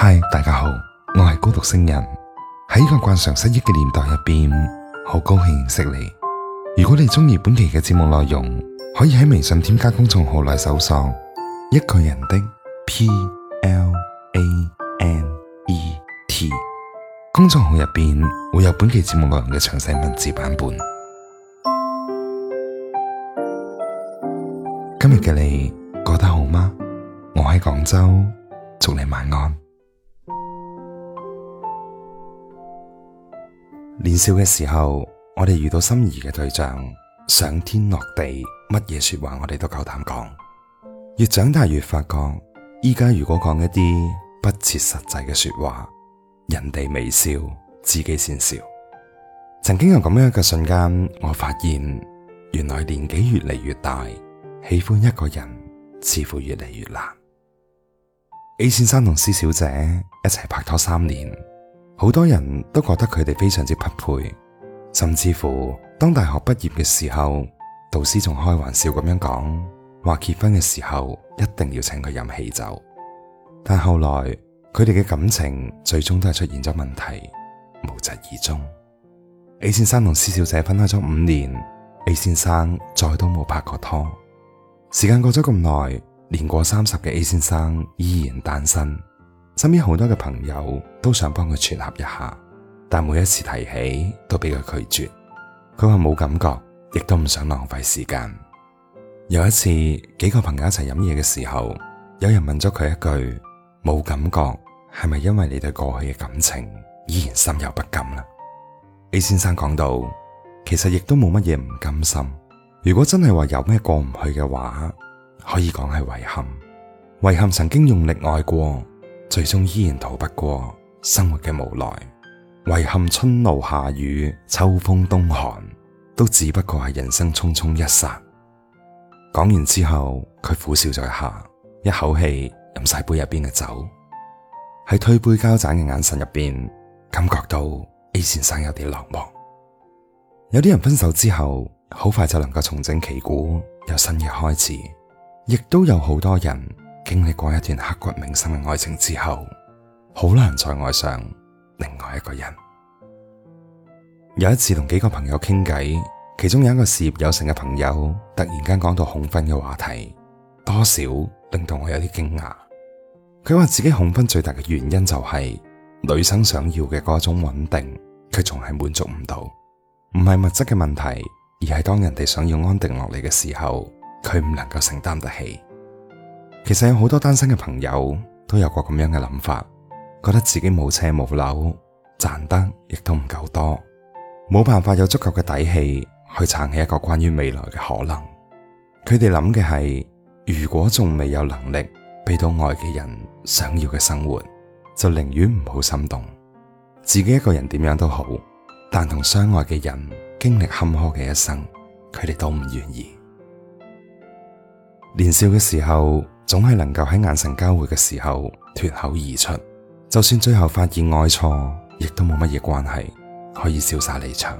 嗨，Hi，大家好，我係孤獨星人。喺呢個慣常失憶嘅年代入邊，好高興認識你。如果你鍾意本期嘅節目內容，可以喺微信添加公眾號嚟搜索一個人的 P L A N E T，公眾號入邊會有本期節目內容嘅詳細文字版本。今日嘅你過得好嗎？我喺廣州，祝你晚安。年少嘅時候，我哋遇到心儀嘅對象，上天落地，乜嘢說話我哋都夠膽講。越長大越發覺，依家如果講一啲不切實際嘅說話，人哋未笑，自己先笑。曾經有咁樣一個瞬間，我發現原來年紀越嚟越大，喜歡一個人似乎越嚟越難。A 先生同 C 小姐一齊拍拖三年。好多人都覺得佢哋非常之匹配，甚至乎當大學畢業嘅時候，導師仲開玩笑咁樣講，話結婚嘅時候一定要請佢飲喜酒。但後來佢哋嘅感情最終都係出現咗問題，無疾而終。A 先生同施小姐分開咗五年，A 先生再都冇拍過拖。時間過咗咁耐，年過三十嘅 A 先生依然單身。身邊好多嘅朋友都想幫佢撮合一下，但每一次提起都俾佢拒絕。佢話冇感覺，亦都唔想浪費時間。有一次幾個朋友一齊飲嘢嘅時候，有人問咗佢一句：冇感覺係咪因為你對過去嘅感情依然心有不甘啦？A 先生講到，其實亦都冇乜嘢唔甘心。如果真係話有咩過唔去嘅話，可以講係遺憾，遺憾曾經用力愛過。最終依然逃不過生活嘅無奈，遺憾春露夏雨秋風冬寒，都只不過係人生匆匆一剎。講完之後，佢苦笑咗一下，一口氣飲晒杯入邊嘅酒。喺推杯交盞嘅眼神入邊，感覺到 A 先生有啲落寞。有啲人分手之後，好快就能夠重整旗鼓，有新嘅開始，亦都有好多人。經歷過一段刻骨銘心嘅愛情之後，好難再愛上另外一個人。有一次同幾個朋友傾偈，其中有一個事業有成嘅朋友，突然間講到恐婚嘅話題，多少令到我有啲驚訝。佢話自己恐婚最大嘅原因就係女生想要嘅嗰種穩定，佢仲係滿足唔到。唔係物質嘅問題，而係當人哋想要安定落嚟嘅時候，佢唔能夠承擔得起。其實有好多單身嘅朋友都有過咁樣嘅諗法，覺得自己冇車冇樓，賺得亦都唔夠多，冇辦法有足夠嘅底氣去撐起一個關於未來嘅可能。佢哋諗嘅係，如果仲未有能力俾到愛嘅人想要嘅生活，就寧願唔好心動。自己一個人點樣都好，但同相愛嘅人經歷坎坷嘅一生，佢哋都唔願意。年少嘅時候，總係能夠喺眼神交匯嘅時候脫口而出，就算最後發現愛錯，亦都冇乜嘢關係，可以瀟灑離場。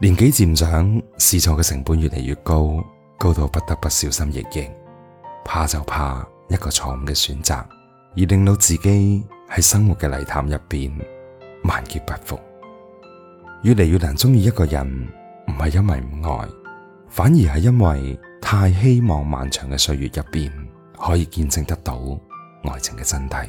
年紀漸長，試錯嘅成本越嚟越高，高到不得不小心翼翼，怕就怕一個錯誤嘅選擇，而令到自己喺生活嘅泥潭入邊萬劫不復。越嚟越難中意一個人，唔係因為唔愛，反而係因為太希望漫長嘅歲月入邊可以見證得到愛情嘅真諦，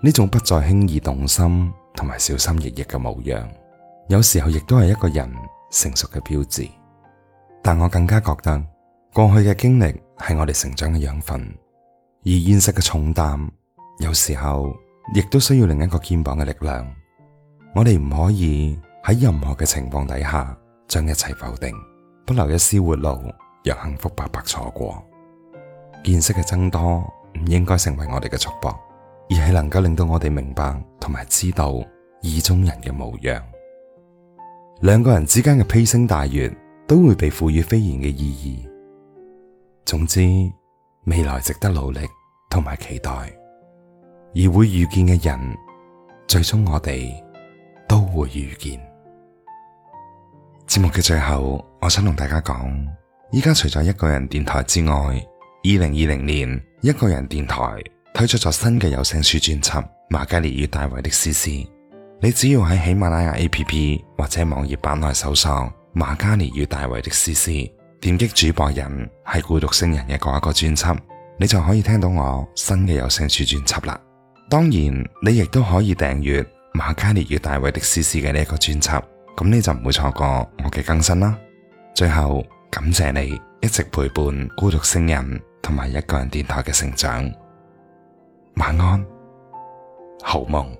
呢種不再輕易動心同埋小心翼翼嘅模樣，有時候亦都係一個人成熟嘅標誌。但我更加覺得，過去嘅經歷係我哋成長嘅養分，而現實嘅重擔，有時候亦都需要另一個肩膀嘅力量。我哋唔可以喺任何嘅情況底下將一切否定，不留一絲活路，讓幸福白白錯過。見識嘅增多唔應該成為我哋嘅束縛，而係能夠令到我哋明白同埋知道意中人嘅模樣。兩個人之間嘅披星戴月都會被賦予非凡嘅意義。總之，未來值得努力同埋期待，而會遇見嘅人，最終我哋都會遇見。節目嘅最後，我想同大家講，而家除咗一個人電台之外。二零二零年，一個人電台推出咗新嘅有聲書專輯《瑪嘉烈與大衛的絲絲》。你只要喺喜馬拉雅 APP 或者網頁版內搜索《瑪嘉烈與大衛的絲絲》，點擊主播人係孤獨星人嘅嗰一個專輯，你就可以聽到我新嘅有聲書專輯啦。當然，你亦都可以訂閱《瑪嘉烈與大衛的絲絲》嘅呢一個專輯，咁你就唔會錯過我嘅更新啦。最後，感謝你一直陪伴孤獨星人同埋一個人電台嘅成長，晚安，好夢。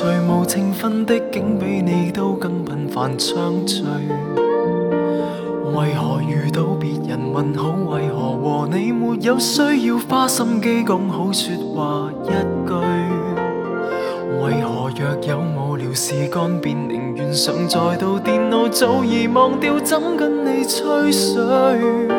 誰無情分的，竟比你都更頻繁暢聚。為何遇到別人問好，為何和你沒有需要花心機講好説話一句？為何若有無聊事幹，便寧願上載到電腦，早已忘掉怎跟你吹水。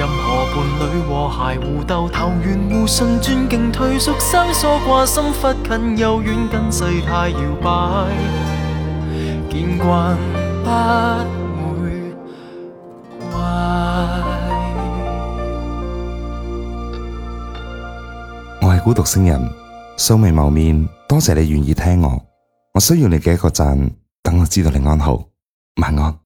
任何伴侶和諧互鬥，投緣互信，尊敬退縮，生疏掛心，忽近又遠，跟世態搖擺，見慣不會怪。我係孤獨星人，素未謀面，多謝你願意聽我。我需要你嘅一個讚，等我知道你安好，晚安。